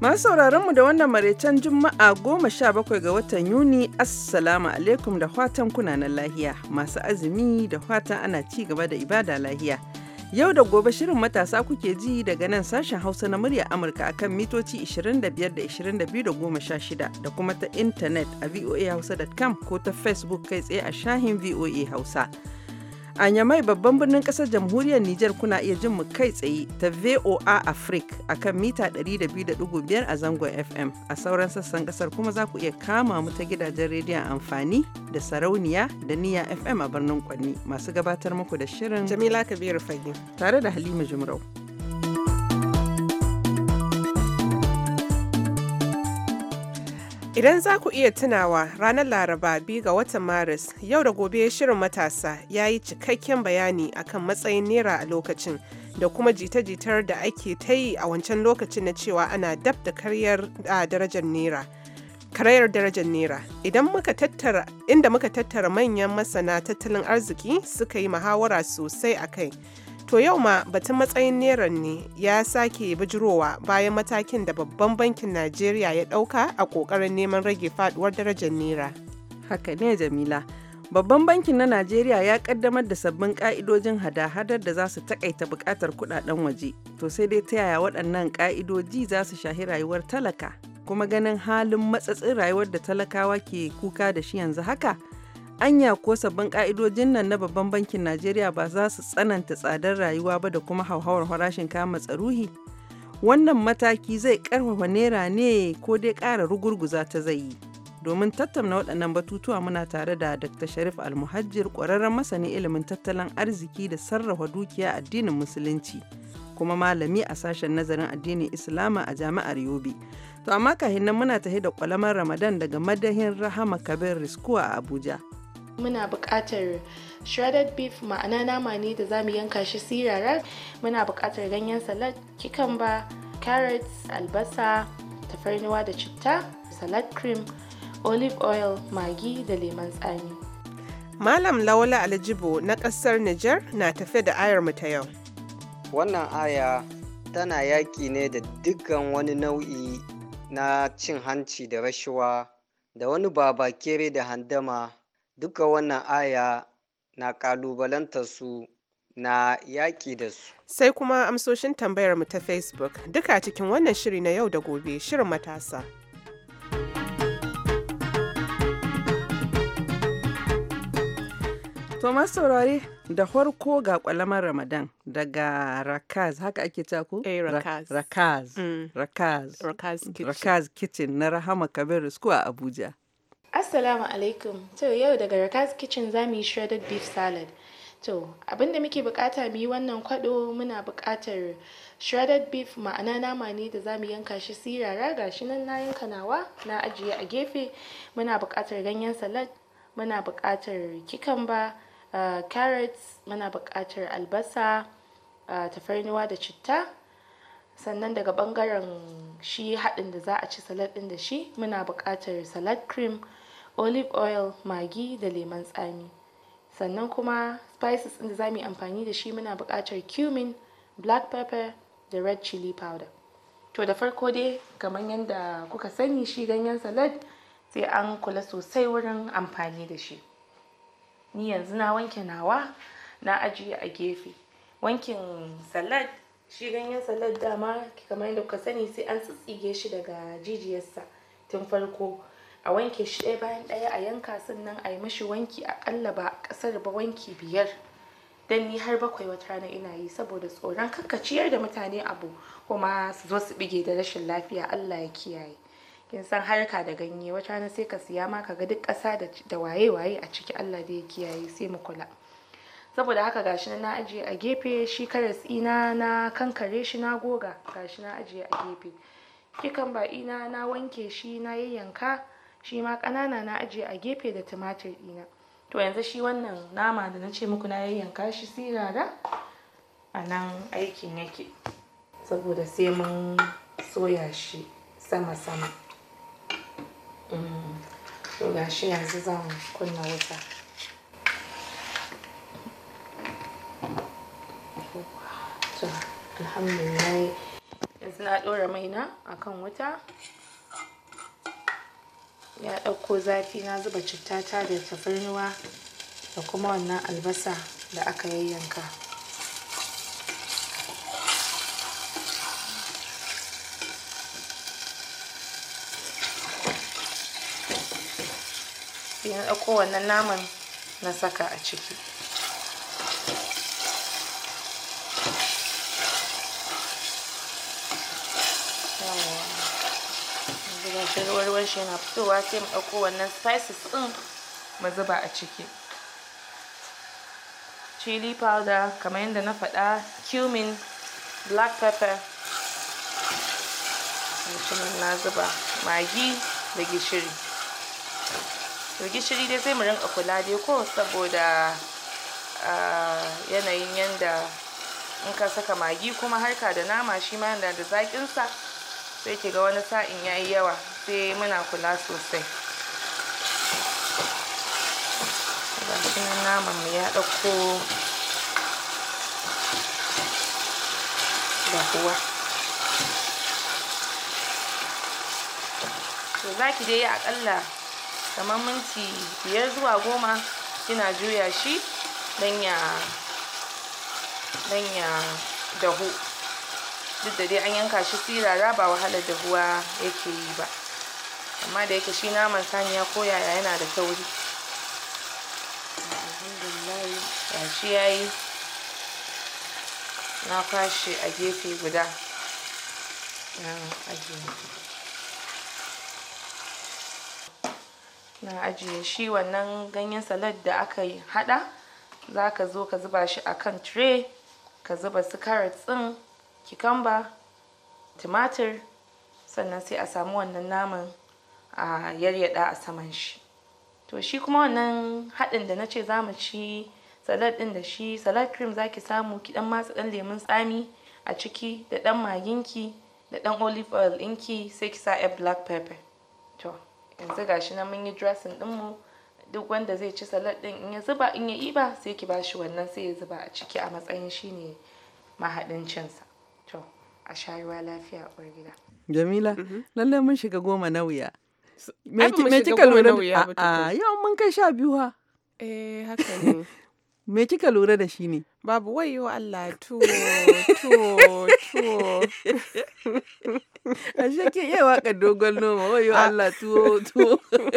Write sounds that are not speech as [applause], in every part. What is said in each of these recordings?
Masu sauraronmu da wannan maraicen Juma'a goma sha bakwai ga watan Yuni, Assalamu alaikum da fatan kunanan lahiya, masu azumi da fatan ana ci gaba da ibada lahiya. Yau da gobe shirin matasa kuke ji daga nan sashen Hausa na murya Amurka akan mitoci 25 da 22 da sha shida da kuma ta intanet a voahausa.com ko ta Facebook kai tsaye a shahin VOA Hausa. A Nyamai babban birnin ƙasar jamhuriyar Nijar kuna iya jin mu kai tsaye ta VOA Africa a kan mita 102.5 a zangon FM. A sauran sassan ƙasar kuma za ku iya kama mu ta gidajen rediyon amfani da sarauniya da niya FM a birnin Kwanni masu gabatar muku da shirin Jamila Kabiru Fage tare da Halima Jumrau. Idan za ku iya tunawa ranar Laraba biyu ga watan Maris yau da gobe shirin matasa ya yi cikakken bayani akan matsayin Naira a lokacin da kuma jita-jitar da ake ta yi a wancan lokacin na cewa ana dab da karyar darajar nera Karayar darajar nera idan muka tattara inda muka tattara manyan masana tattalin arziki suka yi muhawara sosai a kai. To yau ma batun matsayin neran ne ya sake bijirowa bayan matakin da babban bankin Najeriya ya ɗauka a ƙoƙarin neman rage faduwar darajar nera. Haka ne Jamila. Babban bankin na Najeriya ya kaddamar da sabbin ka'idojin hada-hadar da za su takaita bukatar kudaden waje. To sai dai ta yaya waɗannan ka'idoji za su shahi rayuwar talaka, kuma ganin halin matsatsin rayuwar da talakawa ke kuka da shi yanzu haka. anya ko sabbin ka'idojin nan na babban bankin najeriya ba za su tsananta tsadar rayuwa ba da kuma hauhawar farashin kayan matsaruhi wannan mataki zai karfafa naira ne ko dai ƙara rugurguza ta zai yi domin tattauna waɗannan batutuwa muna tare da dr sharif almuhajjir ƙwararren masanin ilimin tattalin arziki da sarrafa dukiya addinin musulunci kuma malami a sashen nazarin addinin islama a jami'ar yobe to amma kahin nan muna tahi da ƙwalamar ramadan daga madahin rahama kabir riskuwa a abuja muna buƙatar shredded beef ma'ana nama ne da za mu yanka shi sirara muna buƙatar ganyen salad ba, carrots albasa tafarnuwa da citta salad cream olive oil magi da lemon tsami malam lawala aljibo na ƙasar niger na tafe da ayar mu ta yau wannan aya tana yaƙi ne da dukkan wani nau'i na cin hanci da rashuwa, da wani babakere da handama duka wannan aya na kalubalantarsu su na yaƙi da su. Sai kuma amsoshin tambayarmu ta Facebook duka cikin wannan shiri na yau da gobe shirin matasa. Thomas saurari da farko ga kwalamar Ramadan daga Rakaz haka ake taku? Eh, mm. Rakaz. Kitchen na Rahama Kabir School a Abuja. Assalamu alaikum. To yau daga Rakas Kitchen za mu yi shredded beef salad. To abinda muke bukata mu yi wannan kwado muna buƙatar shredded beef ma'ana nama ne da za mu yanka shi sirara gashi nan na yanka nawa na ajiye a gefe. Muna buƙatar ganyen salad, muna buƙatar cucumber, uh, carrots, muna bukatar albasa, uh, tafarnuwa da citta. sannan daga bangaren shi haɗin da za a ci salad ɗin da shi muna buƙatar salad cream olive oil magi da lemon tsami sannan kuma spices ɗin da za mu yi amfani da shi muna buƙatar cumin black pepper da red chili powder to da farko dai kamar yadda kuka sani shi ganyen salad sai an kula sosai wurin amfani da shi ni yanzu na wanke nawa na ajiye a gefe wankin salad shi ganyen salad dama kamar yadda kuka sani sai an tsitsige shi daga jijiyarsa tun farko a wanke shi ɗaya bayan ɗaya a yanka sannan a yi mashi wanki a aƙalla ba ƙasar ba wanki biyar Don ni har bakwai wata rana ina yi saboda tsoron kankaciyar da mutane abu kuma su zo su bige da rashin lafiya Allah ya kiyaye kin san harka da ganye wata rana sai ka siya ma kaga duk ƙasa da waye waye a ciki Allah da ya kiyaye sai mu kula saboda haka gashi na ajiye a gefe shi karas ina na kankare shi na goga gashi na ajiye a gefe kikan ba ina na wanke shi na yayyanka shi ma ƙanana na ajiye a gefe da tumatir ɗina to yanzu shi wannan nama da na ce muku na yayyanka shi da. a nan aikin yake saboda sai mun soya shi sama-sama mm. to ga shi yanzu zan kunna wuta alhamdulillah yanzu na ɗora maina akan wuta ya ɗauko zafi na zuba citta ta da tafarnuwa da kuma wannan albasa da aka yayyanka ya na ɗauko wannan naman na saka a ciki bayan yana fitowa sai mu ɗauko wannan spices ɗin mu zuba a ciki chili powder kamar yadda na faɗa cumin black pepper mutumin na zuba magi da gishiri to gishiri dai sai mu rinka kula dai ko saboda yanayin yanda in ka saka magi kuma harka da nama shi ma yana da zaƙinsa sai ki ga wani sa'in yayi yawa sai muna kula sosai gashi nan naman mu ya ɗauko dahuwa to za ki dai aƙalla kamar minti biyar zuwa goma kina juya shi don ya don ya dahu duk da dai an yanka shi sirara ba wahalar dahuwa yake yi ba amma da yake shi naman saniya ko yaya yana da tauri alhamdulillah ya shi yi. na kwashe a gefe guda na ajiye shi wannan ganyen salad da aka hada za ka zo ka zuba shi a kan tray ka zuba su carrots din cucumber tumatir sannan sai a samu wannan naman a yaryada a saman shi to shi kuma wannan haɗin da na ce za mu ci salad ɗin da shi salad cream za ki samu ki ɗan matsa ɗan lemun tsami a ciki da ɗan maginki da ɗan olive oil ɗinki sai ki sa a black pepper to yanzu gashi nan mun yi dressing mu duk wanda zai ci salad ɗin in ya zuba in ya iba sai ki bashi wannan sai ya zuba a ciki a matsayin shine mahaɗin cinsa to a shayuwa lafiya a gida jamila mm-hmm. lallai mun shiga goma na wuya Me kika lura da a yau mun kai sha biyu ha. Eh haka ne. [laughs] Me kika lura da shi ne? Babu wayo Allah tuwo tuwo tuwo. a [laughs] shake iya waka dogon noma wayo Allah tuwo tuwo. [laughs]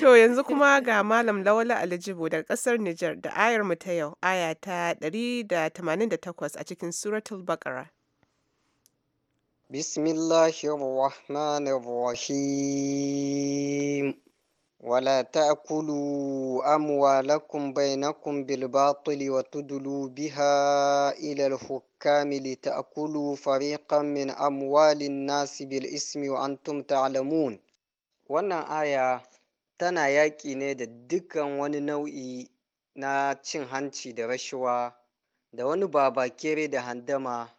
To yanzu kuma ga Malam Lawala Alijibo daga ƙasar Nijar da ayar mu ta yau, aya ta 188 a cikin Suratul Baqara. بسم الله الرحمن الرحيم ولا تأكلوا أموالكم بينكم بالباطل وتدلوا بها إلى الحكام لتأكلوا فريقا من أموال الناس بالإسم وأنتم تعلمون wannan aya tana yaƙi ne da dukkan wani nau'i na cin hanci da rashawa da wani babakere da handama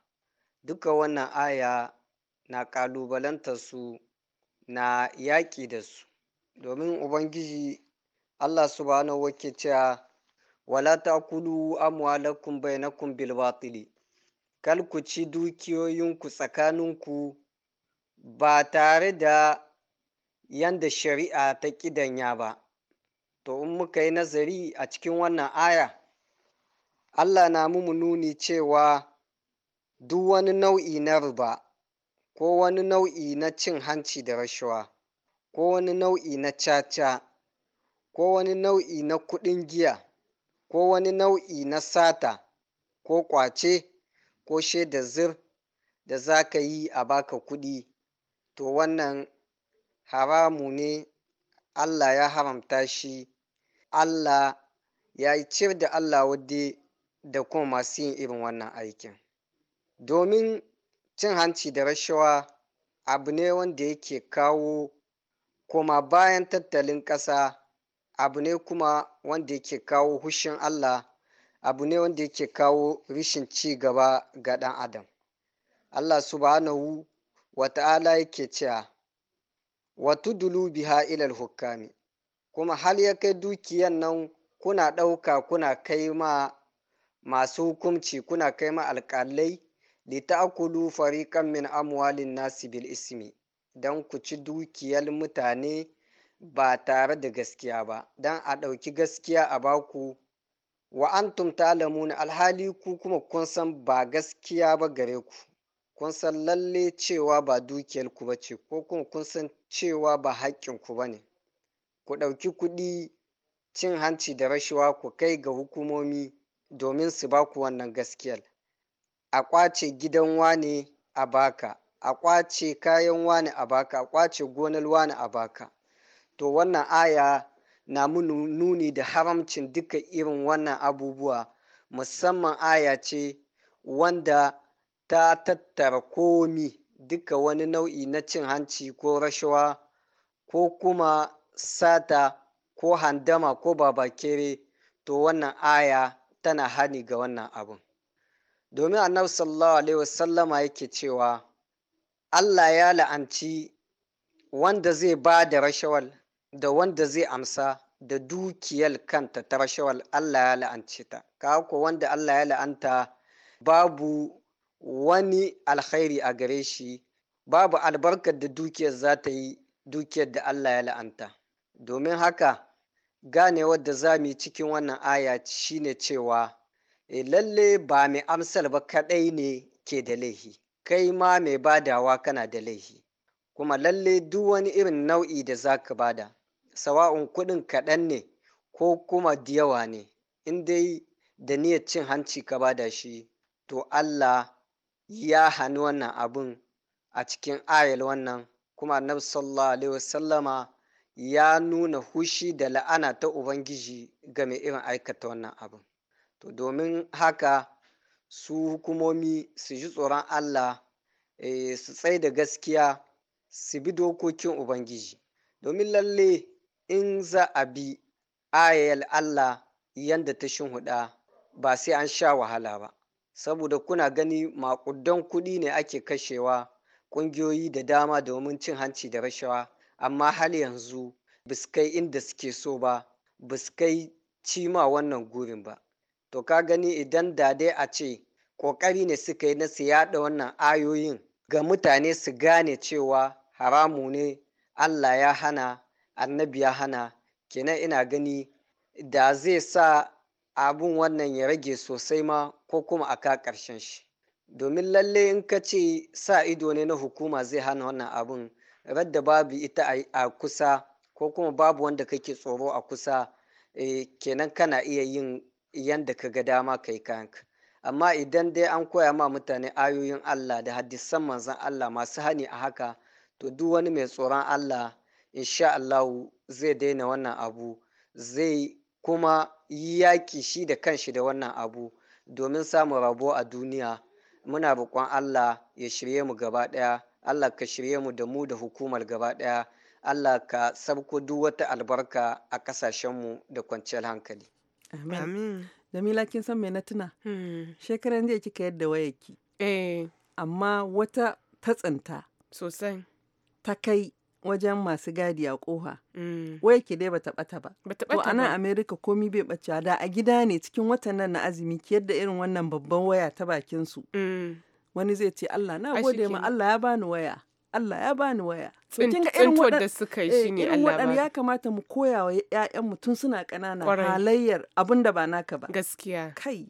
duka wannan aya na ƙalubalantar su na yaƙi da su domin ubangiji allah subhanahu wake cewa wala takulu amwalakum bainakum bil batili kal ku ci dukiyoyinku tsakaninku ba tare da yanda shari'a ta ƙidanya ba to in muka yi nazari a cikin wannan aya allah na mu nuni cewa duk wani nau'i na riba ko wani nau'i na cin hanci da rashawa ko wani nau'i na caca ko wani nau'i na kuɗin giya ko wani nau'i na sata ko ƙwace ko shaida zir da za ka yi a baka kuɗi to wannan haramu ne Allah ya haramta shi Allah ya yi cir da Allah wadda da kuma masu yin irin wannan aikin domin cin hanci da rashawa abu ne wanda yake kawo koma bayan tattalin ƙasa abu ne kuma wanda yake kawo hushin allah abu ne wanda yake kawo rishin ci gaba ga ɗan adam allah subhanahu wata'ala yake cewa Wa dulu biha ilal hukami kuma hal ya kai dukiyan nan kuna ɗauka kuna kai ma masu hukumci kuna kai ma alƙalai litakulu fariqan min amwalin nasi bil ismi don ku ci dukiyar mutane ba tare da gaskiya ba don a ɗauki gaskiya a baku wa antum ta'lamuna alhali ku kuma kun san ba gaskiya ba gare ku kun san lalle cewa ba dukiyar ku bace ko kuma kun san cewa ba haƙƙin ku bane ku ɗauki kuɗi cin hanci da rashawa ku kai ga hukumomi domin su baku wannan gaskiyar a ƙwace gidan wane a baka a ƙwace kayan wane a baka a ƙwace gonar wane a baka to wannan aya na nuni da haramcin duka irin wannan abubuwa musamman aya ce wanda ta tattara komi duka wani nau'i na cin hanci ko rashawa ko kuma sata ko handama ko babakere to wannan aya tana hani ga wannan abun. domin annabi sallallahu alaihi wasallama yake cewa Allah ya la'anci wanda zai ba da rashawal da wanda zai amsa da dukiyar kanta ta rashawal Allah ya la'anci ta kawo wanda Allah ya la'anta babu wani alkhairi a gare shi babu albarkar da dukiyar za ta yi dukiyar da Allah ya la'anta domin haka ganewar da za mu yi cikin wannan aya shine cewa e lalle ba mai amsar ba kaɗai ne ke da laihi kai ma mai badawa kana da laihi kuma lalle duk wani irin nau'i da za ka bada sawa'un kuɗin kaɗan ne ko kuma diyawa ne in dai da niyyar cin hanci ka bada shi to Allah ya hannu wannan abin a cikin ayal wannan kuma annabi sallallahu alaihi wasallama ya nuna hushi da la'ana ta ubangiji game irin aikata wannan abin to domin haka su hukumomi su ji tsoron allah eh, su tsai da gaskiya su bi dokokin ubangiji domin lalle in za a bi ayayal allah yadda ta huda ba sai an sha wahala ba saboda kuna gani makudan kuɗi ne ake kashewa ƙungiyoyi da dama domin cin hanci da rashawa amma hal yanzu biskai inda suke so ba biskai cima wannan gurin ba to ka gani idan da dai a ce ƙoƙari ne suka yi na su yaɗa wannan ayoyin ga mutane su gane cewa haramu ne Allah ya hana annabi ya hana kenan ina gani da zai sa abun wannan ya rage sosai ma ko kuma a ka ƙarshen shi domin lalle in ka ce sa ido ne na hukuma zai hana wannan abun radda babu ita a kusa ko kuma babu wanda kake tsoro a kusa eh, kenan kana iya yin yanda ka ga dama ka yi kayanka amma idan dai an koya ma mutane ayoyin Allah da hadisan manzon Allah masu hani a haka to duk wani mai tsoron Allah insha Allah zai daina wannan abu zai kuma yi yaƙi shi da kanshi da wannan abu domin samun rabo a duniya muna roƙon Allah ya shirye mu gaba ɗaya Allah ka shirye mu da mu da hukumar gaba ɗaya Allah ka sabko duk wata albarka a ƙasashenmu da kwanciyar hankali Amin. Jamila kin san me na tuna? Hmm. Shekaran jiya kika yadda wayarki. Eh. Amma wata tatsanta. Sosai. Ta kai wajen masu gadi a koha. Hmm. Wai ki dai bata bata ba. Bata bata To nan Amerika komi bai bace da a gida ne cikin watan nan na azumi ki yadda irin wannan babban waya ta bakin su. Hmm. Wani zai ce Allah na gode ma Allah ya bani waya. Allah ya bani waya. Tsintuwar da suka yi eh, shi ne Allah ba. ya kamata mu koya wa ‘ya'yanmu tun suna ƙanana halayyar abin da ba naka ba. Gaskiya. Kai.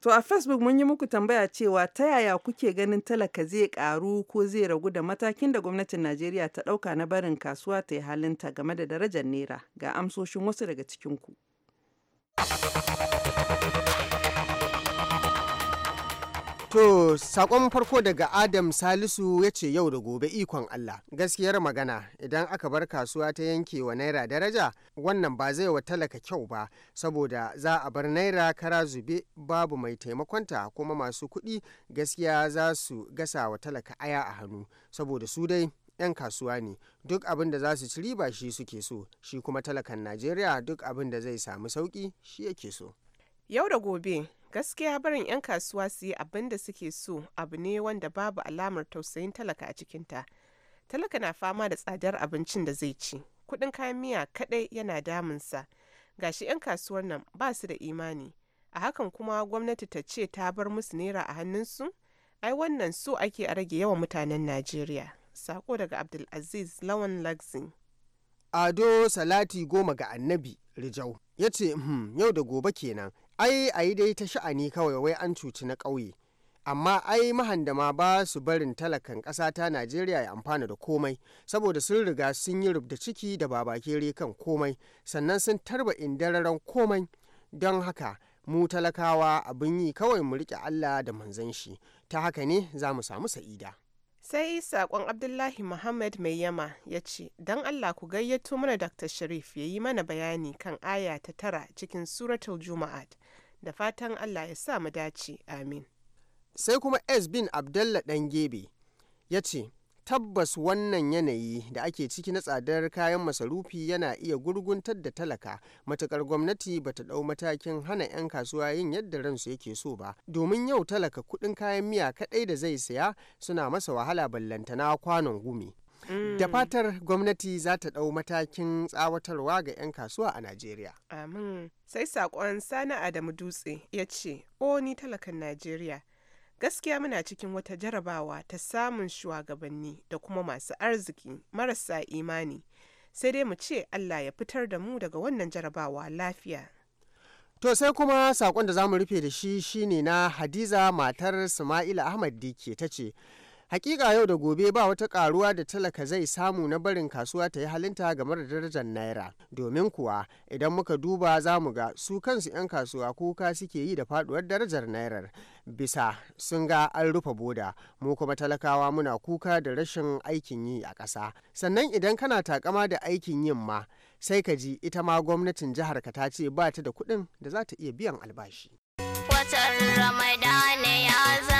To a Facebook mun yi muku tambaya cewa ta yaya kuke ganin talaka zai karu ko zai ragu da matakin da gwamnatin Najeriya ta ɗauka na barin kasuwa ta yi halinta game da darajar Naira ga amsoshin wasu daga cikin ku To sakon farko daga Adam Salisu ya ce yau da gobe ikon Allah. Gaskiyar magana idan aka bar kasuwa ta yanke wa naira daraja wannan ba zai wa talaka kyau ba saboda za a bar naira kara zube babu mai taimakonta kuma masu kuɗi gaskiya za su gasa wa talaka aya a hannu saboda su dai 'yan kasuwa ne duk abin da za su ci riba shi suke so shi kuma talakan Najeriya duk abin da zai samu sauki shi yake so. Yau da gobe gaskiya barin 'yan kasuwa su yi abin da suke so abu ne wanda babu alamar tausayin talaka a cikinta talaka na fama da tsadar abincin da zai ci kudin kayan miya kadai yana damunsa gashi 'yan kasuwar nan ba su da imani a hakan kuma gwamnati ta ce ta bar musu naira a hannunsu ai wannan so ake a rage yawan mutanen najeriya sako daga abdulaziz lawan lagzin ado salati goma ga annabi rijau ya ce hmm, yau da gobe kenan ai a yi dai ta sha'ani kawai wai an cuci na ƙauye amma ai mahandama ba su barin talakan ƙasa ta najeriya ya amfana da komai saboda sun riga sun yi rubda ciki da babakere kan komai sannan sun tarba indararen komai don haka mu talakawa abin yi kawai mu riƙe allah da manzan shi ta haka ne za mu samu sa'ida sai sakon abdullahi muhammad mai yama ya ce don allah ku gayyato mana dr sharif ya yi mana bayani kan aya ta tara cikin suratul juma'at da fatan allah ya sa mu dace amin sai kuma s bin abdallah dan gebe ya ce tabbas wannan yanayi da ake ciki na tsadar kayan masarufi yana iya gurguntar da talaka matukar gwamnati ba ta ɗau matakin hana 'yan kasuwa yin yadda ransu yake so ba domin yau talaka kuɗin kayan miya kaɗai da zai saya suna masa wahala ballantana kwanon gumi da mm. fatar gwamnati za ta ɗau matakin tsawatarwa ga 'yan kasuwa a Najeriya. Amin. Sai saƙon Sani Adamu Dutse ya ce, "O ni talakan Najeriya, Gaskiya muna cikin wata jarabawa ta samun shugabanni da kuma masu arziki marasa imani, sai dai mu ce Allah ya fitar da mu daga wannan jarabawa lafiya. To sai kuma saƙon da zamu rufe da shi shine na Hadiza matar Sama'ila Ahmad Dike ta ce, Hakika yau da gobe ba wata karuwa da talaka zai samu na barin kasuwa ta yi halinta game da darajar naira. Domin kuwa idan muka duba za mu ga su kansu 'yan kasuwa kuka suke yi da faduwar darajar nairar. bisa sun ga an rufe boda mu kuma talakawa muna kuka da rashin aikin yi a ƙasa sannan idan kana takama da aikin yin ma sai ka ji ita ma gwamnatin jihar ka ta ce ba ta da kuɗin da za ta iya biyan albashi watan ramadana ya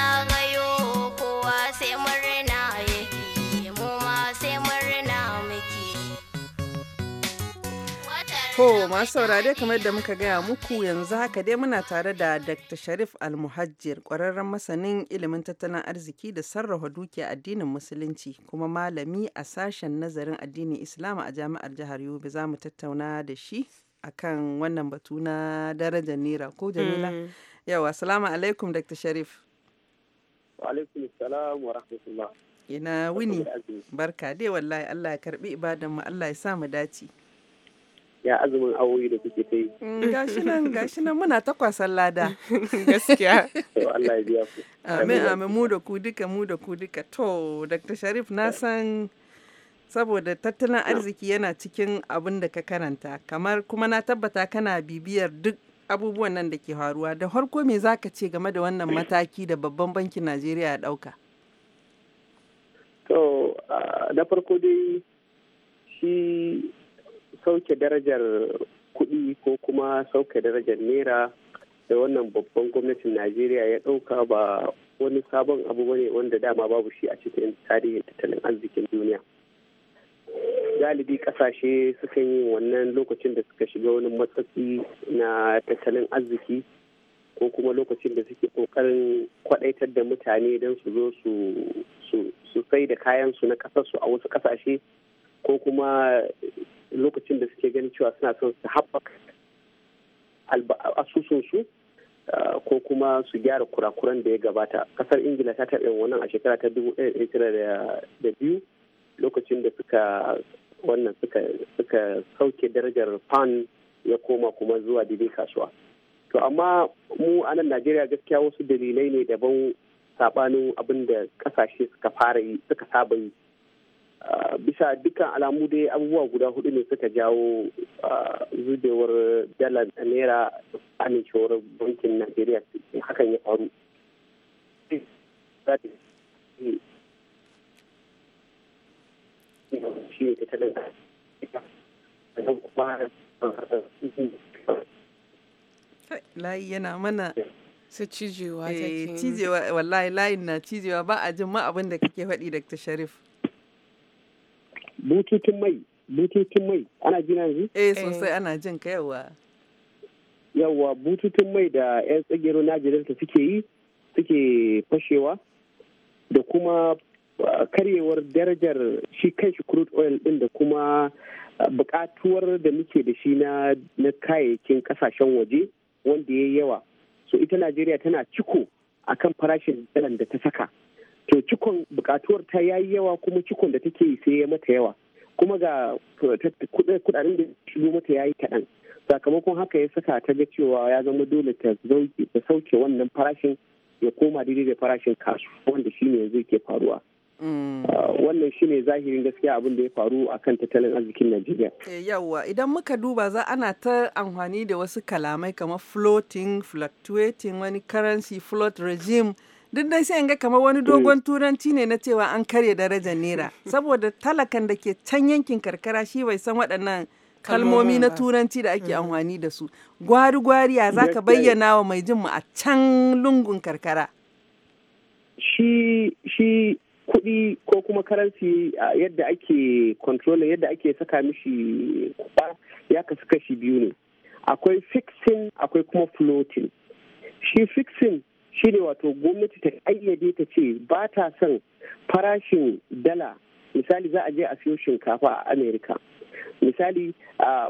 ko masu saurare kamar da muka gaya muku yanzu haka dai muna tare da Dr. Sharif Almuhajjir ƙwararren masanin ilimin tattalin arziki da sarrafa dukiya addinin musulunci kuma malami a sashen nazarin addinin Islam a jami'ar jihar Yobe za mu tattauna da shi akan wannan batu na darajar nera ko Jamila. Hmm. Yawa, salamu alaikum Dr. Sharif. Ina wuni barka dai wallahi Allah ya karbi ibadan mu Allah ya sa mu dace. ya azumin awoyi da kuke ta yi. Mm, gashi nan gashi nan muna ta kwasan lada. [laughs] Gaskiya. To Allah ya biya ku. Amin amin mu da ku duka mu da ku duka. To Dr. Sharif na san saboda tattalin arziki yana cikin abin da ka karanta kamar kuma na tabbata kana bibiyar duk abubuwan nan da ke faruwa da harko me za ka ce game da wannan mataki da babban bankin najeriya ya ɗauka to ah, na farko dai shi sauke darajar kuɗi ko kuma sauke darajar naira da wannan babban gwamnatin najeriya ya ɗauka ba wani sabon abu bane wanda dama babu shi a cikin tarihin tattalin arzikin duniya galibi ƙasashe sukan yi wannan lokacin da suka shiga wani matsatsi na tattalin arziki ko kuma lokacin da suke kokarin kwadaitar da mutane don su zo su sai da kayansu na kasarsu a wasu ƙasashe ko kuma lokacin da suke ganin cewa suna son su haɓaka asusun su ah, ko kuma su gyara kurakuran da ya gabata kasar ingila ta taɓa wannan a shekara ta dubu da biyu lokacin da suka wannan suka sauke darajar pan ya koma kuma zuwa dide kasuwa to amma mu a nan najeriya gaskiya wasu dalilai ne daban saɓanin abin da ƙasashe suka fara yi suka saba yi Ah, bisa dukkan alamu dai abubuwa guda hudu ne suka jawo ah, zubewar dala da naira amincewar bankin najeriya hakan ya faru layi yana mana su cijewa eh, take cijewa wallahi layin na cijewa ba a jin ma abin da kake faɗi dr sharif bututun mai bututun mai ana jina yanzu eh, eh sosai ana jin ka yawa yawa bututun mai da yan tsagero na suke yi suke fashewa da kuma karyewar darajar shi shi crude oil din da kuma bukatuwar da muke da shi na kayayyakin kasashen waje wanda ya yawa so ita najeriya tana ciko akan farashin dalan da ta saka to cikon bukatuwar ta yayi yawa kuma cikon da take sai ya mata yawa kuma ga kudaden da shigo mata ya yi kaɗan sakamakon haka ya saka ta ga cewa ya zama dole ta sauke wannan farashin ya koma daidai da farashin kasuwa wanda shi ne yanzu ke faruwa mm. ah, wannan shi ne zahirin gaskiya abin da ya faru a kan tattalin arzikin najeriya eh, yawwa idan muka duba za ana ta amfani da wasu kalamai kamar floating fluctuating wani currency float regime duk dai sai in ga kamar wani dogon eh. turanci ne na cewa an karya darajar naira saboda talakan da ke can yankin karkara shi bai san waɗannan kalmomi na turanci da ake hmm. amfani da su gwari gwari ya za ka bayyana wa mai jin mu a can lungun karkara shi shi kuɗi ko kuma karansi yadda ake kontrola yadda ake saka mishi kuɗa ya kasu kashi biyu ne akwai fixing akwai kuma floating shi fixing shi wato gwamnati ta ayyade ta ce ba ta son farashin dala misali za a je a siyo shinkafa a amerika misali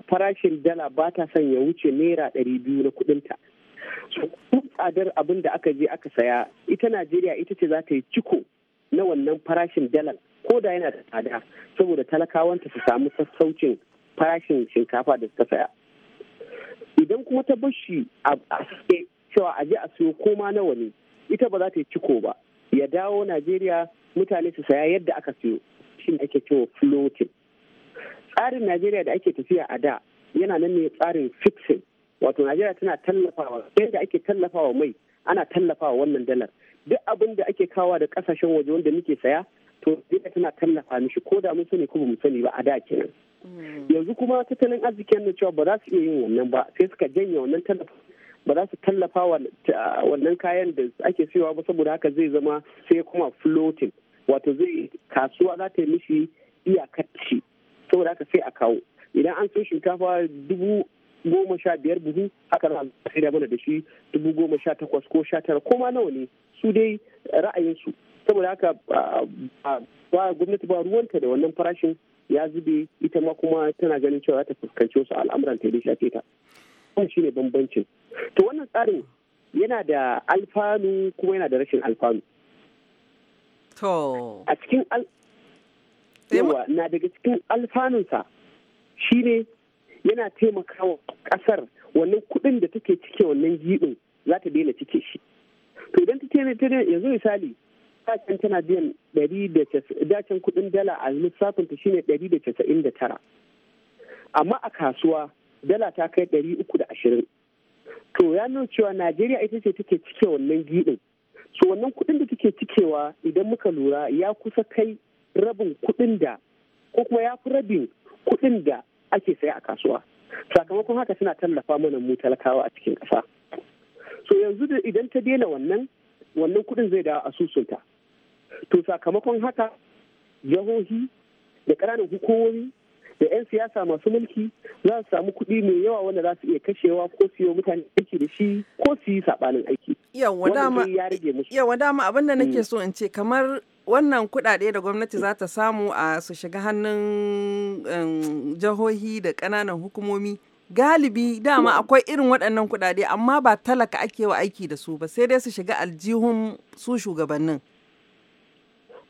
farashin dala ba ta son ya wuce naira ɗari biyu na kudinta so tsadar abin da aka je aka saya ita najeriya ita ce za ta yi ciko na wannan farashin dalar ko da yana da tsada saboda talakawanta su samu sassaucin farashin shinkafa da suka saya idan kuma ta bashi a cewa a je a siyo koma nawa ne ita ba za ta yi ciko ba ya dawo najeriya mutane su saya yadda aka siyo shi ne ake cewa floating tsarin najeriya da ake tafiya a da yana nan ne tsarin fixing wato najeriya tana tallafawa yadda ake tallafawa mai ana tallafawa wannan dalar duk abin da ake kawa da kasashen waje wanda muke saya to najeriya tana tallafa mishi ko da mun sani ko mu sani ba a da kenan mm. yanzu kuma tattalin arzikin nan cewa ba za su iya yin wannan ba sai suka janye wannan tallafin ba za su tallafa wannan kayan da ake siyowa ba saboda haka zai zama sai kuma floating wato zai kasuwa za ta yi mishi iyakacci saboda haka sai a kawo idan an so shinkafa dubu goma sha biyar buhu haka na sai da mana da shi dubu goma sha takwas ko sha tara ko ma nawa ne su dai ra'ayinsu saboda haka ba gwamnati ba ruwanta da wannan farashin ya zube ita ma kuma tana ganin cewa ta fuskanci wasu al'amuran ta da shafe ta wannan shine bambancin to wannan tsarin yana da alfanu kuma yana da rashin alfanu to a cikin al yawa na daga cikin alfanunsa shine yana taimakawa kasar wannan kudin da take cike wannan giɓin za ta daina cike shi to idan ta yanzu misali dacen tana biyan dacen kudin dala a lissafin ta shine ɗari da casa'in da tara amma a kasuwa dala ta kai ɗari uku da ashirin to ya nuna cewa najeriya ita ce take cike wannan giɗin so wannan kuɗin da take cikewa idan muka lura ya kusa kai rabin kuɗin da ko kuma ya fi rabin kuɗin da ake saya a kasuwa sakamakon haka suna tallafa mana mu talakawa a cikin ƙasa so yanzu idan ta daina wannan wannan kuɗin zai dawo asusunta to sakamakon haka jihohi da ƙananan hukumomi da 'yan siyasa masu mulki za su samu kuɗi mai yawa wanda za su iya kashewa ko su yi mutane aiki da shi ko su yi saɓanin aiki. Yawa dama abin da nake mm. so in ce kamar wannan kuɗaɗe da gwamnati za ta samu a su shiga hannun jihohi da ƙananan hukumomi. galibi dama akwai irin waɗannan kuɗaɗe amma ba talaka ake wa aiki da su ba sai dai su shiga aljihun su shugabannin.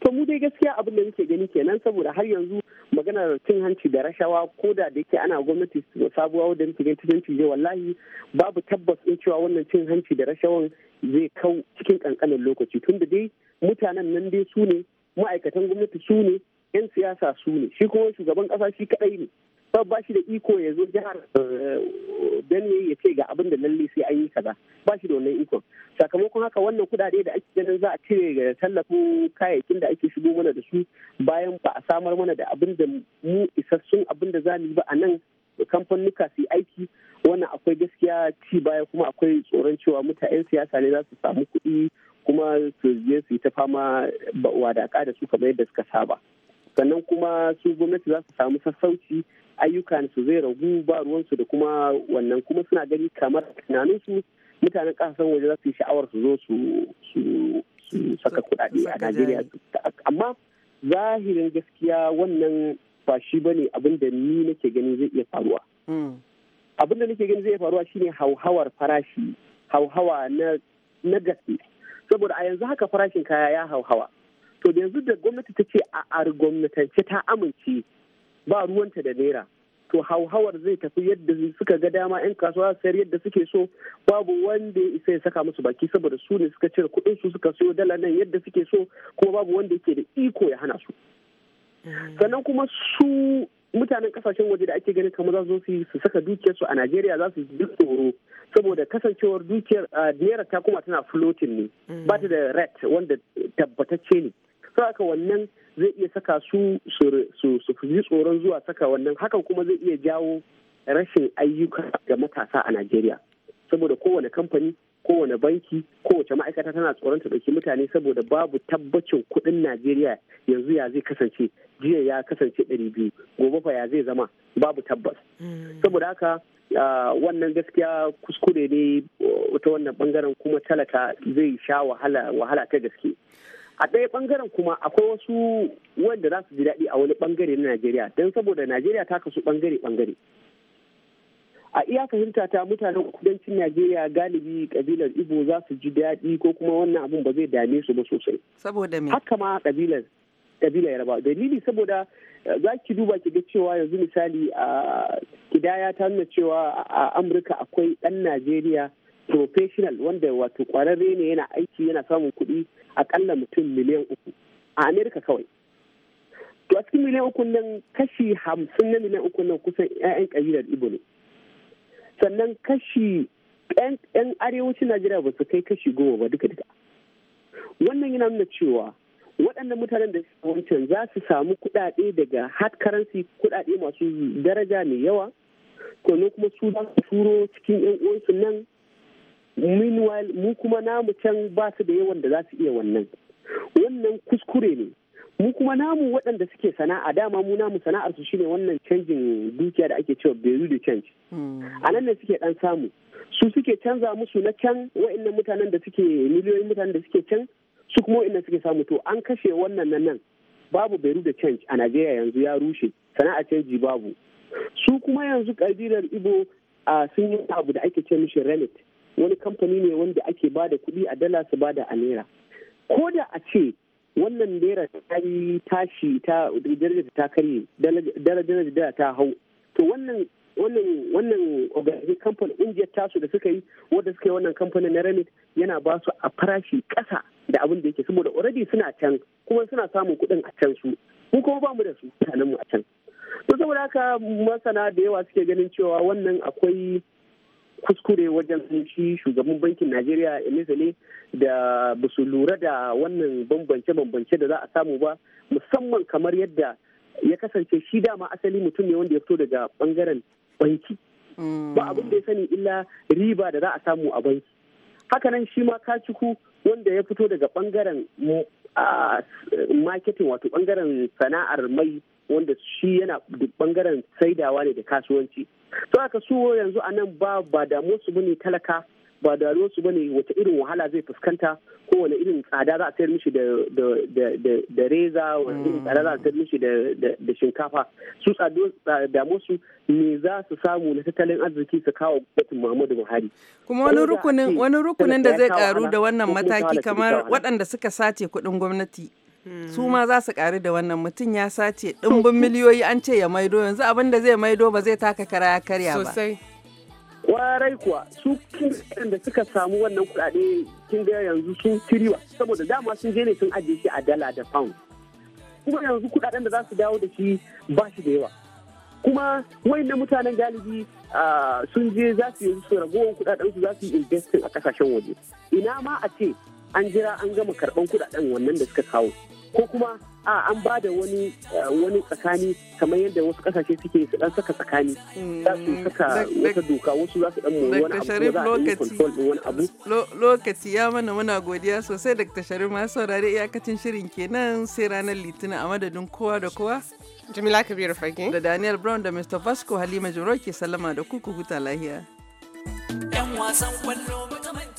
to mu dai gaskiya abin da muke gani kenan saboda har yanzu magana da cin hanci da rashawa ko da da yake ana gwamnati sabuwa wadda muke gani hanci zai wallahi babu tabbas in cewa wannan cin hanci da rashawan zai kau cikin kankanin lokaci tunda dai mutanen nan dai su ne ma'aikatan gwamnati su ne 'yan siyasa su ne shi kuma shugaban kasa shi kadai ne ba ba shi da iko ya zo jihar eh, Benue ya ce ga abin da lalle sai an yi kaza ba shi da wannan ikon sakamakon haka wannan kudade da ake ganin za a cire ga tallafin kayayyakin da ake shigo mana da su bayan ba a samar mana da abin da mu isassun abin da za mu ba a nan kamfanuka su aiki wannan akwai gaskiya ci baya kuma akwai tsoron cewa mutanen siyasa ne za su samu kuɗi kuma su je su yi ta fama wadaka da su kamar yadda suka saba. sannan kuma su gwamnati za su samu sassauci ayyukan su zai ragu ba ruwansu da kuma wannan kuma suna gani kamar tunaninsu mutanen ƙasashen waje za su yi sha'awar su zo su saka kudade a najeriya amma zahirin gaskiya wannan ba shi ba ne abinda ni nake gani zai iya faruwa hmm. abinda nake gani zai iya faruwa shine hauhawar farashi hauhawa na gaske saboda a yanzu haka farashin kaya ya hauhawa to da yanzu da gwamnati ta ce a gwamnatance ta amince ba ruwanta da naira to hauhawar zai tafi yadda suka ga dama 'yan kasuwa sayar yadda suke so babu wanda ya isa ya saka musu baki saboda su ne suka cire kuɗin su suka siyo dala nan yadda suke so kuma babu wanda yake da iko ya hana su mm. sannan kuma su mutanen kasashen waje da ake ganin kamar za su yi su saka dukiyar su a Najeriya za su ji tsoro saboda kasancewar dukiyar naira ta kuma tana floating ne mm. ba ta da rat wanda tabbatacce ne aka wannan zai iya saka su su fi tsoron zuwa saka wannan hakan kuma zai iya jawo rashin ayyuka ga matasa a najeriya saboda kowane kamfani kowane banki kowace ma'aikata tana tsoron ta ɗauki mutane saboda babu tabbacin kuɗin najeriya yanzu ya zai kasance jiya ya kasance ɗari biyu gobe fa ya zai zama babu tabbas hmm. saboda haka wannan gaskiya kuskure ne uh, ta wannan bangaren kuma talaka zai sha wahala ta gaske a ɗaya ɓangaren kuma akwai wasu wanda za su ji daɗi a wani ɓangare na najeriya don saboda najeriya ta kasu ɓangare-ɓangare a iya fahimta ta mutanen kudancin najeriya galibi kabilar ibo za su ji daɗi ko kuma wannan abun ba zai dame su ba sosai saboda me haka ma kabilar kabilar yaraba dalili saboda eh, za ki duba ki ga cewa yanzu misali a ah, kidaya ta nuna cewa a amurka akwai ɗan najeriya professional wanda wato kwararre ne yana aiki yana samun kuɗi akalla mutum miliyan uku a amerika kawai to a cikin miliyan uku nan kashi hamsin na miliyan uku nan kusan 'ya'yan kabilar ibo ne sannan kashi 'yan arewacin najeriya ba su kai kashi goma ba duka duka wannan yana nuna cewa waɗannan mutanen da suka wancan za su samu kuɗaɗe daga hard currency kuɗaɗe masu daraja mai yawa sannan kuma su za su turo cikin 'yan uwansu nan meanwhile mu kuma namu can ba su da yawan da za su iya wannan wannan kuskure ne mu kuma namu waɗanda suke sana'a dama mu namu sana'ar su shine wannan canjin dukiya da ake cewa beru da change hmm. a nan ne suke dan samu su suke canza musu na can wa'annan mutanen da suke miliyoyin mutanen da suke can su kuma wa'annan suke samu to an kashe wannan nan nan babu beru da change a Najeriya yanzu ya rushe sana'a canji babu su kuma yanzu kabilar Ibo sun yi abu da ake ce mishi remit wani kamfani ne wanda ake ba da kuɗi a dala su ba da a naira ko da a ce wannan naira ta yi tashi ta darajar ta karye darajar da ta hau to wannan wannan wannan kamfani ƙungiyar tasu da suka yi wanda suka yi wannan kamfanin na remit yana ba su a farashi ƙasa da abin da yake saboda already suna can kuma suna samun kuɗin a can su mu kuma ba mu da su mutanenmu a can to saboda haka masana da yawa suke ganin cewa wannan akwai kuskure wajen shi shugaban bankin najeriya emefele da ba su lura da wannan bambance-bambance da za a samu ba musamman kamar yadda ya kasance shi dama asali mutum ne wanda ya fito daga bangaren banki hmm. ba abin da ya sani illa riba da za a samu a banki hakanan shi ma kaciku wanda ya fito daga bangaren marketing wato bangaren sana'ar mai wanda shi yana bangaren saidawa ne da kasuwanci to haka su yanzu a nan ba ba damuwar su bane talaka ba damuwar su bane wata irin wahala zai fuskanta ko wani irin tsada za a sayar mishi da da reza wani irin mm. tsada za a sayar mishi da shinkafa su da su me za su samu na tattalin arziki su kawo gwamnatin Muhammadu Buhari kuma wani rukunin wani rukunin da zai karu da wannan mataki kamar waɗanda suka sace kuɗin gwamnati su ma za su karu da wannan mutum ya sace ɗimbin miliyoyi an ce ya maido yanzu abinda zai maido ba zai taka kara ya karya ba sosai kwarai kuwa su kin da suka samu wannan kuɗaɗe kin ga yanzu sun tiriwa saboda dama sun je ne sun ajiye shi a dala da pound kuma yanzu kuɗaɗen da za su dawo da shi ba shi da yawa kuma na mutanen galibi sun je za su yanzu su ragowar kuɗaɗen su za su yi investing a kasashen waje ina ma a ce an jira an gama karɓan kuɗaɗen wannan da suka kawo ko kuma a an ba da wani eh, wani tsakani kamar yadda wasu kasashe suke su dan saka tsakani hmm. za su saka wata doka wasu za su dan wani abu za yi wani abu lokaci ya mana muna godiya sosai Dr. Sharif ma saurare iyakacin shirin kenan sai ranar Litinin a madadin kowa da kowa Jamila Kabiru Fage da Daniel Brown da Mr. Vasco Halima Jiro ke sallama da ku ku huta lahiya 'Yan wasan kwallo